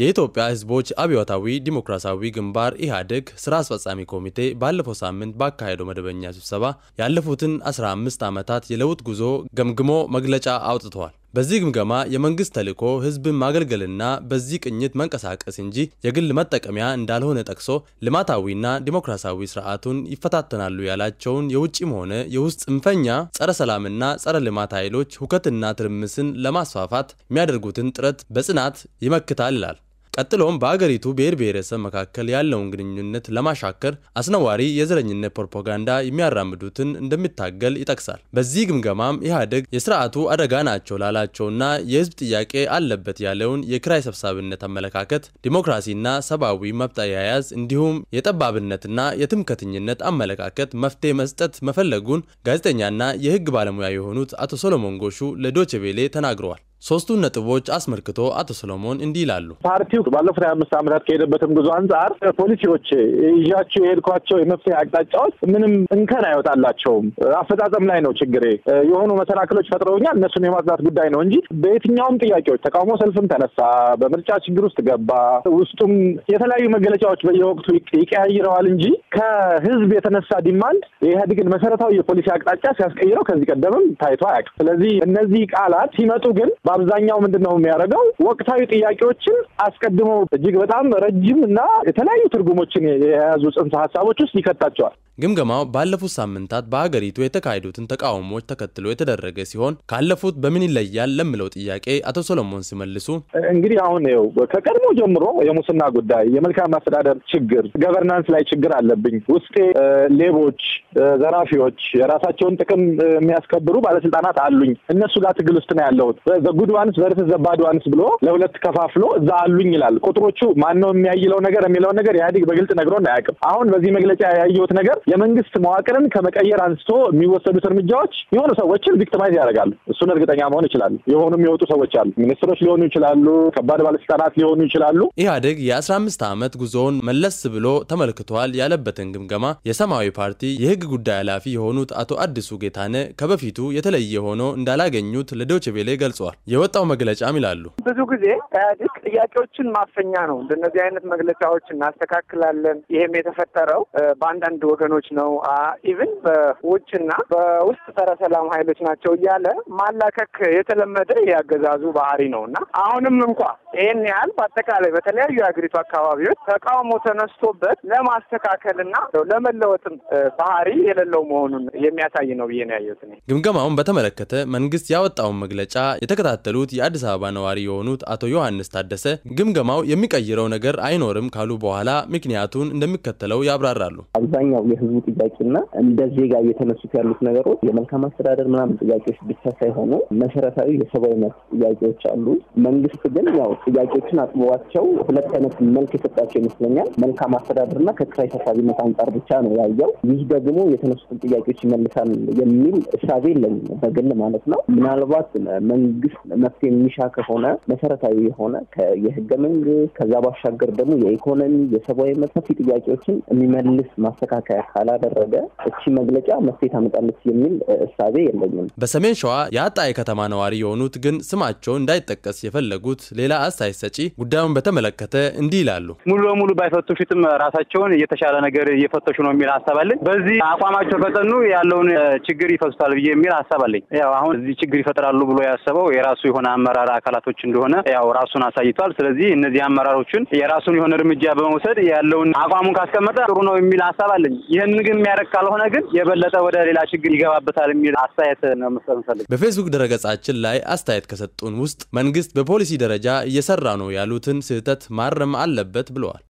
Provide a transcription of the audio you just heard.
የኢትዮጵያ ሕዝቦች አብዮታዊ ዲሞክራሲያዊ ግንባር ኢህአዴግ ስራ አስፈጻሚ ኮሚቴ ባለፈው ሳምንት ባካሄደው መደበኛ ስብሰባ ያለፉትን 15 ዓመታት የለውጥ ጉዞ ገምግሞ መግለጫ አውጥተዋል። በዚህ ግምገማ የመንግስት ተልዕኮ ህዝብን ማገልገልና በዚህ ቅኝት መንቀሳቀስ እንጂ የግል መጠቀሚያ እንዳልሆነ ጠቅሶ ልማታዊና ዲሞክራሲያዊ ስርዓቱን ይፈታተናሉ ያላቸውን የውጭም ሆነ የውስጥ ጽንፈኛ ጸረ ሰላምና ጸረ ልማት ኃይሎች ሁከትና ትርምስን ለማስፋፋት የሚያደርጉትን ጥረት በጽናት ይመክታል ይላል። ቀጥሎም በአገሪቱ ብሔር ብሔረሰብ መካከል ያለውን ግንኙነት ለማሻከር አስነዋሪ የዘረኝነት ፕሮፓጋንዳ የሚያራምዱትን እንደሚታገል ይጠቅሳል። በዚህ ግምገማም ኢህአዴግ የስርዓቱ አደጋ ናቸው ላላቸውና የህዝብ ጥያቄ አለበት ያለውን የኪራይ ሰብሳቢነት አመለካከት፣ ዲሞክራሲና ሰብአዊ መብት አያያዝ እንዲሁም የጠባብነትና የትምከተኝነት አመለካከት መፍትሄ መስጠት መፈለጉን ጋዜጠኛና የህግ ባለሙያ የሆኑት አቶ ሶሎሞን ጎሹ ለዶቼ ቬሌ ተናግረዋል። ሶስቱን ነጥቦች አስመልክቶ አቶ ሰሎሞን እንዲህ ይላሉ። ፓርቲው ባለፉት ሀያ አምስት ዓመታት ከሄደበትም ጉዞ አንጻር ፖሊሲዎች ይዣቸው የሄድኳቸው የመፍትሄ አቅጣጫዎች ምንም እንከን አይወጣላቸውም። አፈጻጸም ላይ ነው ችግሬ። የሆኑ መሰናክሎች ፈጥረውኛል፣ እነሱን የማጽዳት ጉዳይ ነው እንጂ በየትኛውም ጥያቄዎች ተቃውሞ ሰልፍም ተነሳ፣ በምርጫ ችግር ውስጥ ገባ፣ ውስጡም የተለያዩ መገለጫዎች በየወቅቱ ይቀያይረዋል እንጂ ከህዝብ የተነሳ ዲማንድ የኢህአዴግን መሰረታዊ የፖሊሲ አቅጣጫ ሲያስቀይረው ከዚህ ቀደምም ታይቶ አያውቅም። ስለዚህ እነዚህ ቃላት ሲመጡ ግን በአብዛኛው ምንድን ነው የሚያደርገው ወቅታዊ ጥያቄዎችን አስቀድሞ እጅግ በጣም ረጅም እና የተለያዩ ትርጉሞችን የያዙ ጽንሰ ሀሳቦች ውስጥ ይከታቸዋል። ግምገማው ባለፉት ሳምንታት በሀገሪቱ የተካሄዱትን ተቃውሞዎች ተከትሎ የተደረገ ሲሆን ካለፉት በምን ይለያል ለምለው ጥያቄ አቶ ሶሎሞን ሲመልሱ እንግዲህ አሁን ው ከቀድሞ ጀምሮ የሙስና ጉዳይ፣ የመልካም አስተዳደር ችግር፣ ገቨርናንስ ላይ ችግር አለብኝ ውስጤ ሌቦች፣ ዘራፊዎች፣ የራሳቸውን ጥቅም የሚያስከብሩ ባለስልጣናት አሉኝ እነሱ ጋር ትግል ውስጥ ነው ያለሁት ጉድ ዋንስ ቨርስ ዘባድ ዋንስ ብሎ ለሁለት ከፋፍሎ እዛ አሉኝ ይላል። ቁጥሮቹ ማነው የሚያይለው ነገር የሚለውን ነገር ኢህአዴግ በግልጽ ነግሮን አያውቅም። አሁን በዚህ መግለጫ ያየሁት ነገር የመንግስት መዋቅርን ከመቀየር አንስቶ የሚወሰዱት እርምጃዎች የሆኑ ሰዎችን ቪክቲማይዝ ያደርጋሉ። እሱን እርግጠኛ መሆን ይችላሉ። የሆኑ የሚወጡ ሰዎች አሉ። ሚኒስትሮች ሊሆኑ ይችላሉ። ከባድ ባለስልጣናት ሊሆኑ ይችላሉ። ኢህአዴግ የአስራ አምስት ዓመት ጉዞውን መለስ ብሎ ተመልክቷል ያለበትን ግምገማ የሰማያዊ ፓርቲ የህግ ጉዳይ ኃላፊ የሆኑት አቶ አዲሱ ጌታነ ከበፊቱ የተለየ ሆኖ እንዳላገኙት ለዶችቬሌ ገልጿል። የወጣው መግለጫም ይላሉ። ብዙ ጊዜ ኢህአዴግ ጥያቄዎችን ማፈኛ ነው። እንደነዚህ አይነት መግለጫዎች እናስተካክላለን። ይህም የተፈጠረው በአንዳንድ ወገኖች ነው፣ ኢቭን በውጭና በውስጥ ጸረ ሰላም ኃይሎች ናቸው እያለ ማላከክ የተለመደ የአገዛዙ ባህሪ ነው እና አሁንም እንኳ ይህን ያህል በአጠቃላይ በተለያዩ የሀገሪቱ አካባቢዎች ተቃውሞ ተነስቶበት ለማስተካከልና ለመለወጥም ባህሪ የሌለው መሆኑን የሚያሳይ ነው ብዬ ነው ያየሁት። ግምገማውን በተመለከተ መንግስት ያወጣውን መግለጫ የተከታተ የተከታተሉት የአዲስ አበባ ነዋሪ የሆኑት አቶ ዮሐንስ ታደሰ ግምገማው የሚቀይረው ነገር አይኖርም ካሉ በኋላ ምክንያቱን እንደሚከተለው ያብራራሉ። አብዛኛው የህዝቡ ጥያቄና እንደ ዜጋ እየተነሱት ያሉት ነገሮች የመልካም አስተዳደር ምናምን ጥያቄዎች ብቻ ሳይሆኑ መሰረታዊ የሰብአዊ መብት ጥያቄዎች አሉ። መንግስት ግን ያው ጥያቄዎችን አጥብቧቸው ሁለት አይነት መልክ የሰጣቸው ይመስለኛል። መልካም አስተዳደርና ከኪራይ ሰብሳቢነት አንጻር ብቻ ነው ያየው። ይህ ደግሞ የተነሱትን ጥያቄዎች ይመልሳል የሚል እሳቤ የለኝም በግል ማለት ነው። ምናልባት መንግስት መፍትሄ የሚሻ ከሆነ መሰረታዊ የሆነ የህገ መንግስት ከዛ ባሻገር ደግሞ የኢኮኖሚ የሰብአዊ መሰፊ ጥያቄዎችን የሚመልስ ማስተካከያ ካላደረገ እቺ መግለጫ መፍትሄ ታመጣለች የሚል እሳቤ የለኝም። በሰሜን ሸዋ የአጣዬ ከተማ ነዋሪ የሆኑት ግን ስማቸው እንዳይጠቀስ የፈለጉት ሌላ አስተያየት ሰጪ ጉዳዩን በተመለከተ እንዲህ ይላሉ። ሙሉ በሙሉ ባይፈቱሽትም ራሳቸውን የተሻለ ነገር እየፈተሹ ነው የሚል ሀሳብ አለኝ። በዚህ አቋማቸው ከጸኑ ያለውን ችግር ይፈቱታል ብዬ የሚል ሀሳብ አለኝ። ያው አሁን እዚህ ችግር ይፈጥራሉ ብሎ ያሰበው የራ የራሱ የሆነ አመራር አካላቶች እንደሆነ ያው ራሱን አሳይቷል። ስለዚህ እነዚህ አመራሮችን የራሱን የሆነ እርምጃ በመውሰድ ያለውን አቋሙን ካስቀመጠ ጥሩ ነው የሚል ሀሳብ አለኝ። ይህን ግን የሚያደርግ ካልሆነ ግን የበለጠ ወደ ሌላ ችግር ይገባበታል የሚል አስተያየት ነው መስጠት እንፈልግ። በፌስቡክ ድረገጻችን ላይ አስተያየት ከሰጡን ውስጥ መንግስት በፖሊሲ ደረጃ እየሰራ ነው ያሉትን ስህተት ማረም አለበት ብለዋል።